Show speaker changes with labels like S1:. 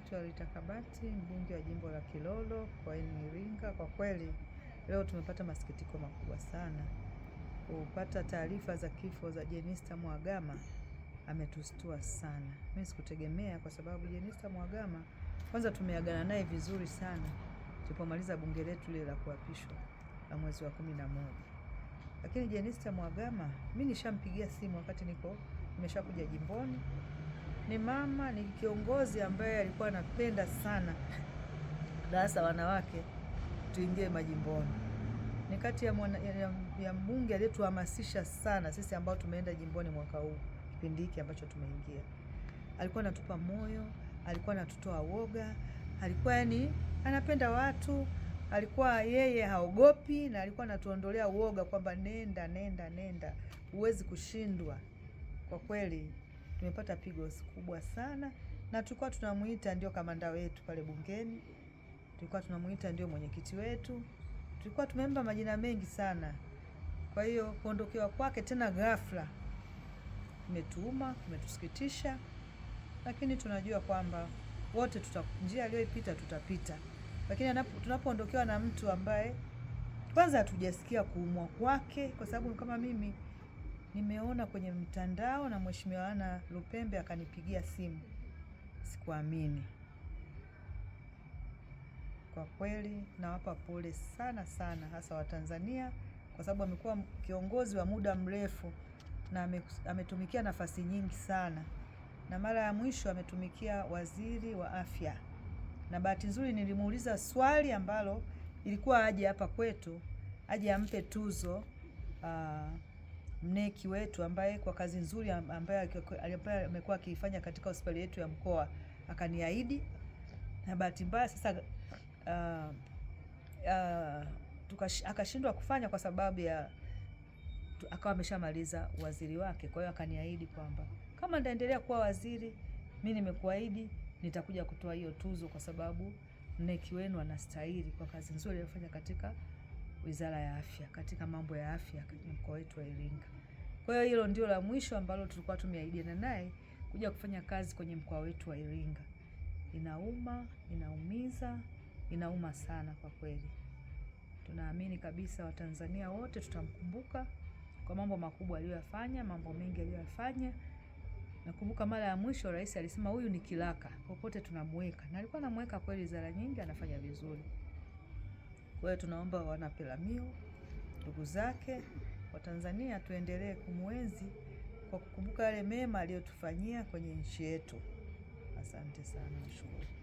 S1: naitwa Rita Kabati, mbunge wa jimbo la Kilolo mkoani Iringa. Kwa kweli leo tumepata masikitiko makubwa sana kupata taarifa za kifo za Jenista Mhagama, ametustua sana. Mimi sikutegemea, kwa sababu Jenista Mhagama kwanza tumeagana naye vizuri sana tulipomaliza bunge letu lile la kuapishwa la mwezi wa kumi na moja, lakini Jenista Mhagama mimi nishampigia simu wakati niko nimeshakuja jimboni ni mama, ni kiongozi ambaye alikuwa anapenda sana darasa wanawake tuingie majimboni. Ni kati ya, ya, ya mbunge aliyetuhamasisha sana sisi ambao tumeenda jimboni mwaka huu kipindi hiki ambacho tumeingia. Alikuwa anatupa moyo, alikuwa anatutoa woga, alikuwa yani anapenda watu, alikuwa yeye haogopi, na alikuwa anatuondolea woga kwamba nenda, nenda, nenda, huwezi kushindwa. Kwa kweli tumepata pigo kubwa sana, na tulikuwa tunamuita ndio kamanda wetu pale bungeni, tulikuwa tunamuita ndio mwenyekiti wetu, tulikuwa tumemba majina mengi sana. Kwa hiyo kuondokewa kwake tena ghafla imetuuma, imetusikitisha, lakini tunajua kwamba wote tuta, njia aliyoipita tutapita, lakini tunapoondokewa na mtu ambaye kwanza hatujasikia kuumwa kwake, kwa sababu kama mimi nimeona kwenye mtandao na Mheshimiwa ana Lupembe akanipigia simu. Sikuamini kwa kweli. Nawapa pole sana sana, hasa Watanzania, kwa sababu amekuwa kiongozi wa muda mrefu na ametumikia nafasi nyingi sana, na mara ya mwisho ametumikia waziri wa afya, na bahati nzuri nilimuuliza swali ambalo ilikuwa aje hapa kwetu, aje ampe tuzo uh, mneki wetu ambaye kwa kazi nzuri ambaye amekuwa akiifanya katika hospitali yetu ya mkoa akaniahidi, na bahati mbaya sasa uh, uh, akashindwa kufanya kwa sababu ya akawa ameshamaliza waziri wake. Kwa hiyo akaniahidi kwamba kama nitaendelea kuwa waziri, mi nimekuahidi nitakuja kutoa hiyo tuzo, kwa sababu mneki wenu anastahili kwa kazi nzuri aliyofanya katika Wizara ya Afya katika mambo ya afya mkoa wetu wa Iringa. Kwa hiyo hilo ndio la mwisho ambalo tulikuwa tumeahidiana naye kuja kufanya kazi kwenye mkoa wetu wa Iringa. Inauma, inaumiza, inauma sana kwa kweli. Tunaamini kabisa Watanzania wote tutamkumbuka kwa mambo makubwa aliyoyafanya, mambo mengi aliyoyafanya. Nakumbuka mara ya mwisho rais alisema huyu ni kiraka, popote tunamweka, na alikuwa anamweka kweli, wizara nyingi anafanya vizuri. Kwa hiyo tunaomba wana Peramiho, ndugu zake wa Tanzania, tuendelee kumwenzi kwa kukumbuka yale mema aliyotufanyia kwenye nchi yetu. Asante sana, nashukuru.